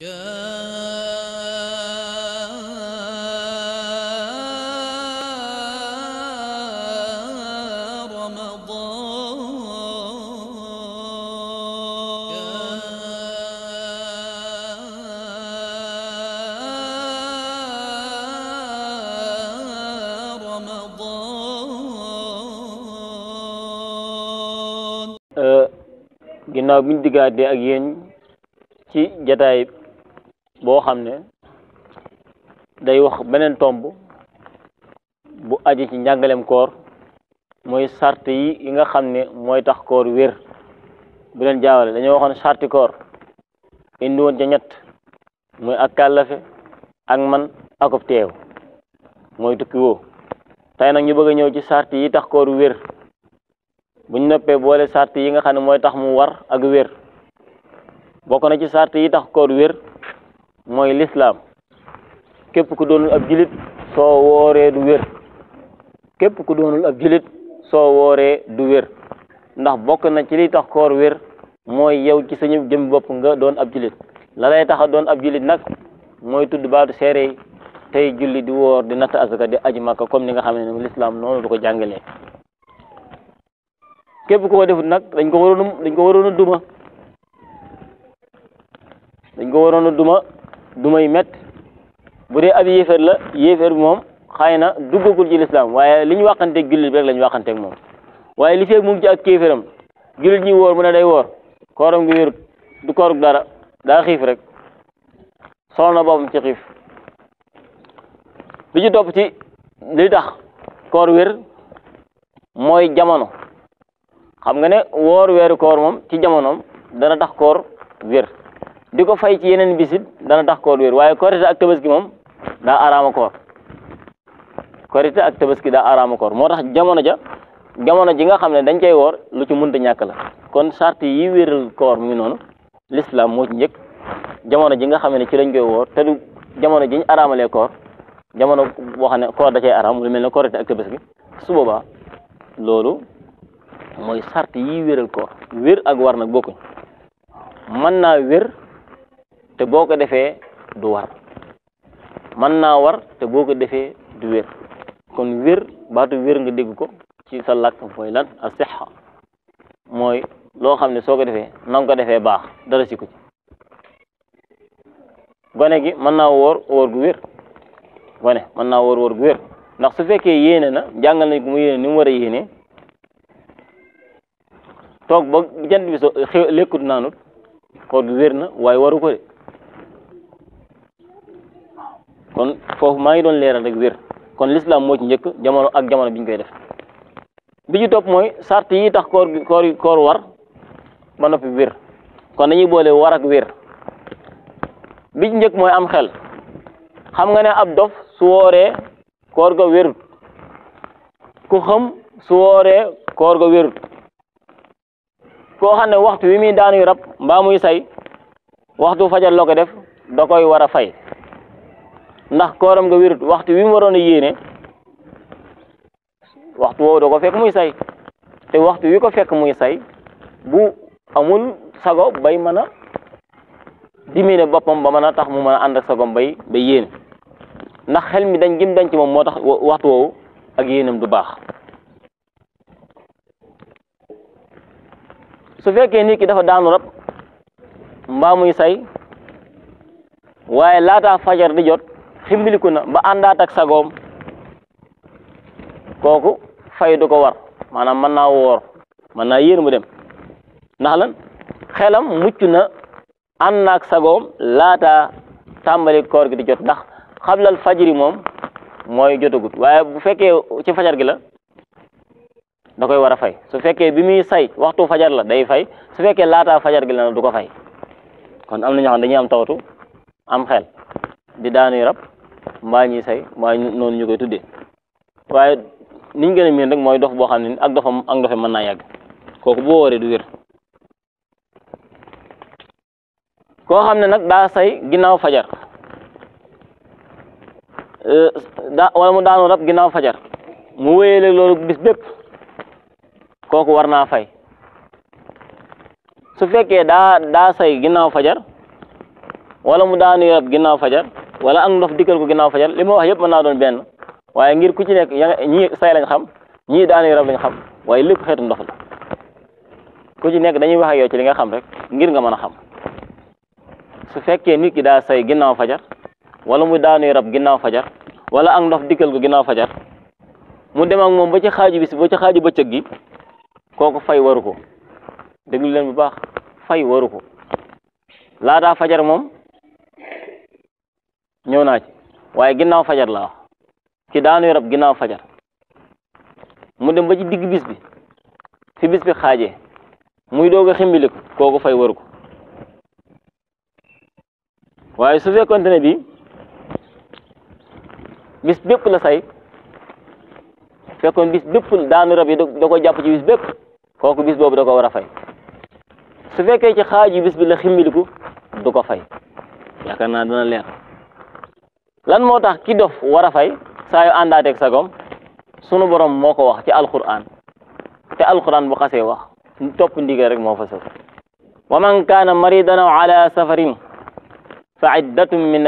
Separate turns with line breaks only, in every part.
Ya eh, ginnaaw bi tiga diggaatee ak si ci boo xam ne day wax beneen tomb bu aji ci njàngalem koor mooy sart yi yi nga xam ne mooy tax koor wér beneen leen jaawale dañoo waxoon sarti koor indi woon ca ñett mooy ak kàllafe ak man akub teew mooy tukki woo tey nag ñu bëgg a ñëw ci sart yi tax koor wér buñ noppee boole sart yi nga xam ne mooy tax mu war ak wér bokk na ci sart yi tax koor wér moy l'islam kep ku doonul ab julit so woré du wër kep ku doonul ab julit so woré du wër ndax bok na ci li tax koor wër moy yow ci sañu jëm bop nga doon ab julit la lay tax a doon ab julit nak moy tuddu baatu séré tay julli di wor di nata azaka di aji makka comme ni nga xamné ko ko defut nak dañ ko dañ ko warono duma dañ ko warono duma du may mett bu dee ab yéeféer la yéeféer bi moom xay na duggagul ci lislaam waaye li ñu waxanteeg jullit bi rek la ñu moom waaye li fee mu ngi ci ak kéeféram jullit ñi wóor mu ne day woor kooram gi wérut du koorug dara daa xiif rek sol na boppam ci xiif li ci topp ci li tax koor wér mooy jamono xam nga ne woor weeru koor moom ci jamonoom dana tax koor wér di ko fay ci yeneen bisit dana tax koor wér waaye korite ak tabaski moom daa araama koor korite ak tabaski daa araama koor moo tax jamono ja jamono ji nga xam ne dañ cay woor lu ci mënta ñàkk la kon sart yi wéral koor mu ngi noonu l'islam moo ci jamono ji nga xam ne ci lañ koy woor te du jamono ji ñu araamalee koor jamono boo xam ne koor da cay araam lu mel ne korite ak tabaski su boobaa loolu mooy sart yi wéral koor wér ak war nag bokkuñ naa wér te boo ko defee du war mën naa war te boo ko defee du wér kon wér baatu wér nga dégg ko ci sa làkk mooy lan a sixa mooy loo xam ne soo ko defee na ko defee baax dara si ko ci gone gi mën naa woor woor gu wér gone man na woor woor gu wér ndax su fekkee yéene na jàngal nañ ko mu yéene ni mu war a yéene toog ba jant bi lekkut naanut koor gi wér na waaye waru de kon foofu maa ngi doon leeral rek wér kon lislaam moo ci njëkk jamono ak jamono bi koy def bi ci topp mooy sart yi tax koor koor koor war ba noppi wér kon dañuy boole war ak wér bi njëkk mooy am xel xam nga ne ab dof su wooree koor ga wérut ku xam su wooree koor ga wérut koo xam ne waxtu wi muy daanuy rab mbaa muy say waxtu fajar la def da koy war fay ndax koram nga wérut waxtu wi mu waroon a yéene waxtu wo do ko fekk muy say te waxtu wi ko fekk muy say bu amul sago bay mana, a bopam ba mën tax mu mën and ak sagom bay bay yéene ndax xel mi dañ gim dañ ci mom motax waxtu wo ak yéenam du bax su fekke ni ki dafa daanu rap mba muy say waye fajar di jot ximbiliku na ba àndaat ak sagoom kooku fay du ko war maanaam mën naa woor mën naa yéen mu dem ndax lan xelam mucc na ànd naak sagoom laata tàmbali koor gi di jot ndax xablal fajiri moom mooy jotagut waaye bu fekkee ci fajar gi la da koy war a fay su fekkee bi muy say waxtu fajar la day fay su fekkee laataa fajar gi la du ko fay kon am na ñoo xam dañuy am tawatu am xel di daanu rab mbaa ñuy say mbaa noonu ñu koy tuddee waaye niñ gën a miin rek mooy dof boo xam ne ak dofam ak dofam mën na yàgg kooku boo wooree du wér koo xam ne nag daa say ginnaaw fajar daa wala mu daanu rab ginnaaw fajar mu wéyee léeg loolu bépp kooku war naa fay su fekkee daa daa say ginnaaw fajar wala mu daanu rab ginnaaw fajar wala ak ndof dikkal ko ginnaaw fajar li ma wax yëpp mën naa doon benn waaye ngir ku ci nekk ya ñii say lañ xam ñii daanu rab lañ xam waaye lépp xeetu ndox la ku ci nekk dañuy wax ak ci li nga xam rek ngir nga mën a xam su fekkee nit ki daal say ginnaaw fajar wala muy daanuy rab ginnaaw fajar wala ak ndox dikkal ko ginnaaw fajar mu dem ak moom ba ci xaaju bis ba ci xaaju bëccëg gi kooku fay waru ko déglu leen bu baax fay waru ko daa fajar moom ñëw naa ci waaye ginnaaw fajar laa wax ci daanuy rab ginnaaw fajar mu dem ba ci digg bis bi fi bis bi xaajee muy doog a ximbiliku kooku fay waru ko waaye su fekkonte ne bi bis bépp la say fekkoon bis bépp daanu rab yi ko jàpp ci bis bépp kooku bis da ko war a su fekkee ci xaaju bis bi la ximbiliku du ko fay yaakaar naa dana leer lan moo tax ki dof war a fay saa yu àndaateeg sagom sunu borom moo ko wax ci alquran te alquran bu xasee wax topp ndigal rek moo fa sëf wa man kaana maridan aw ala safarin fa iddatun min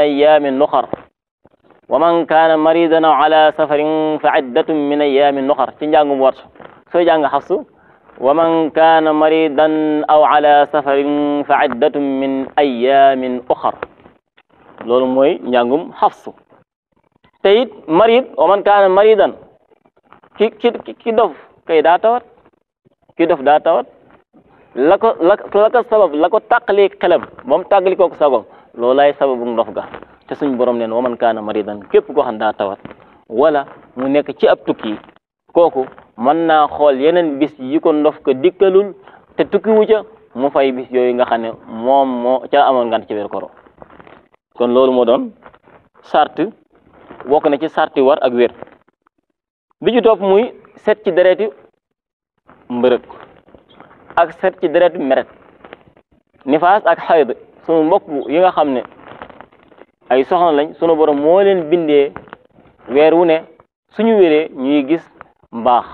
ayaamin nuxar ci njàngum wartu sooy jàng xafsu wa man kaana maridan aw ala fa iddatun min ayaamin uxar loolu mooy njàngum xafsu te it marid wa man kaana maridan ki ki dof kay daa tawat ki dof daa tawat la ko la ko sabab la ko tàqali xelam moom tàggali kooku sagom loolaay sababu ndof ga te suñ borom neen wa man kaana maridan képp koo xam daa tawat wala mu nekk ci ab tukki kooku mën na xool yeneen bis yi ko ndof ko dikkalul te tukki wu ca mu fay bis yooyu nga xam ne moom moo ca amoon ngan ci weer koro kon loolu moo doon sart bokk na ci sart war ak wér bi ci topp muy set ci dereti mbërëg ak set ci dereti meret nifaas ak xayd sunu mbokk yi nga xam ne ay soxna lañ sunu borom moo leen bindee weer wu ne suñu wéree ñuy gis mbaax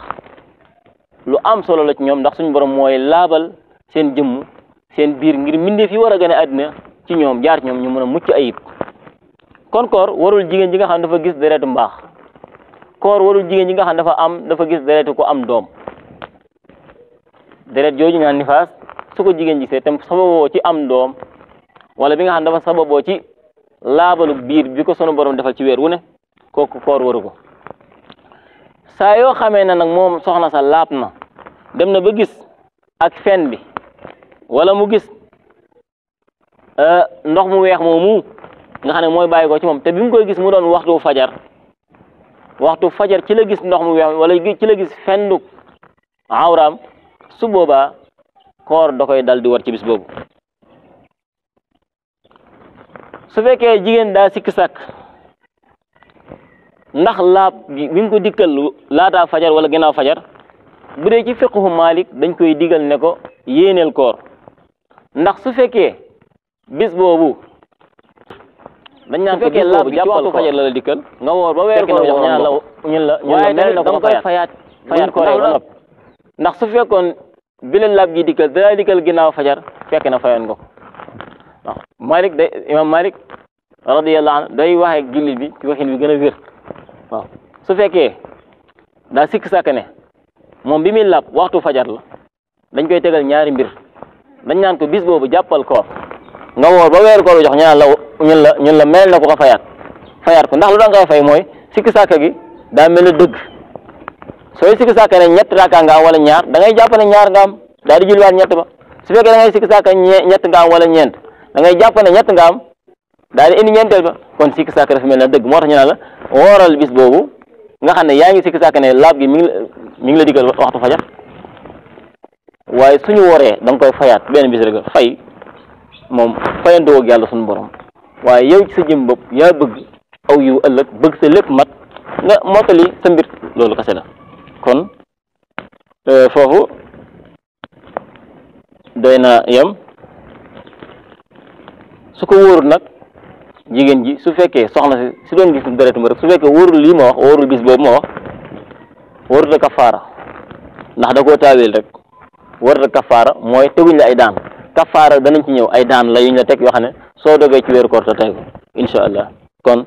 lu am solo la ñoom ndax suñu borom mooy laabal seen jëmm seen biir ngir mbindeef fi war a gën a ci ñoom jaar ñoom ñu mëna mucc ayib kon koor warul jigen ji nga xam dafa gis deretu mbax koor warul jigen ji nga xam dafa am dafa gis deretu ko am dom deret jooju naan nifas, su ko ji fe tam sababoo ci am dom wala bi nga xam dafa sababoo ci labalu biir bi ko sunu borom defal ci wër wu ne koku koor waru ko saa yoo xamee na nak mom soxna sa labna dem na ba gis ak fen bi wala mu gis Euh, ndox mu weex moomu nga xam ne mooy bàyyi ko ci moom te bi mu koy gis mu doon waxtu fajar waxtu fajar ci la gis ndox mu weex wala ci la gis fenduk awraam su boobaa koor da koy dal di war ci bis boobu su fekkee jigéen daa sikk sàkk ndax laab bi mu ko dikkal laataa fajar wala gannaaw fajar bu dee ci fiqhu Maalik dañ koy digal ne ko yéeneel koor ndax su fekkee bis boobu dañ naan ko fekkee laab ci waxtu fajar la la ndax su fekkoon bi la laab gi dikkal da dikkal ginnaaw fajar fekk na fayoon nga ko waaw Malik day imam Malik radiyallahu anhu waxee jullit bi ci waxin bi gën a wér su fekkee daa sikk sàkk ne moom bi muy laab waxtu fajar la dañ koy tegal ñaari mbir dañ naan ko bis boobu jàppal koor nga woor ba wer ko wi jox ñaan la ñun la ñun la mel na ko fayat fayaat ko ndax lu daan koy fay moy sikki saka gi da mel na deug soy sikki saka ne ñett raka nga wala ñaar da ngay japp ne ñaar nga am da di julliwaat ñett ba su fekk da ngay sikki saka ñett nga am wala ñent da ngay japp ne ñett nga am da di indi ñentel ba kon sikki sàkka dafa mel na deug motax ñaan la woral bis bobu nga xamne yaangi sikki saka ne lab gi mi ngi la digal waxtu fajar waye suñu woré dang koy fayat ben bis rek fay moom fayandoo ak yàlla suñ boroom waaye yow ci sa jëm bopp yaa bëgg aw yiw ëllëg bëgg sa lépp mat nga mottali sa mbir loolu kase la kon e, foofu day na yem su ko wóorul nag jigéen ji su fekkee soxna si si doon gis deretu ma rek su fekkee wóorul lii ma wax wóorul bis boobu ma wax wóorul kafaara ndax da ko taawil rek wóorul kafaara mooy teguñ la ay daan kafaara danañ ci ñëw ay daan la yu ñu la teg yoo xam ne soo dogee ci weeru koor te tey ko incha allah kon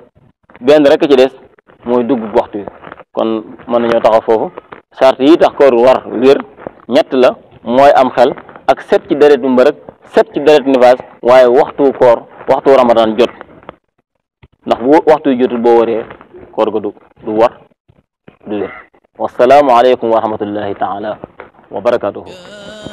benn rek ci des mooy dugg waxtu wi kon mën nañoo taxaw foofu sart yi tax koor war wér ñett la mooy am xel ak set ci deret bu mbërëk set ci deret nifaas waaye waxtu koor waxtu ramadan jot ndax bu waxtu jotul boo waree koor ga du du war du wér wasalaamu aleykum wa rahmatullahi taala wa barakatuhu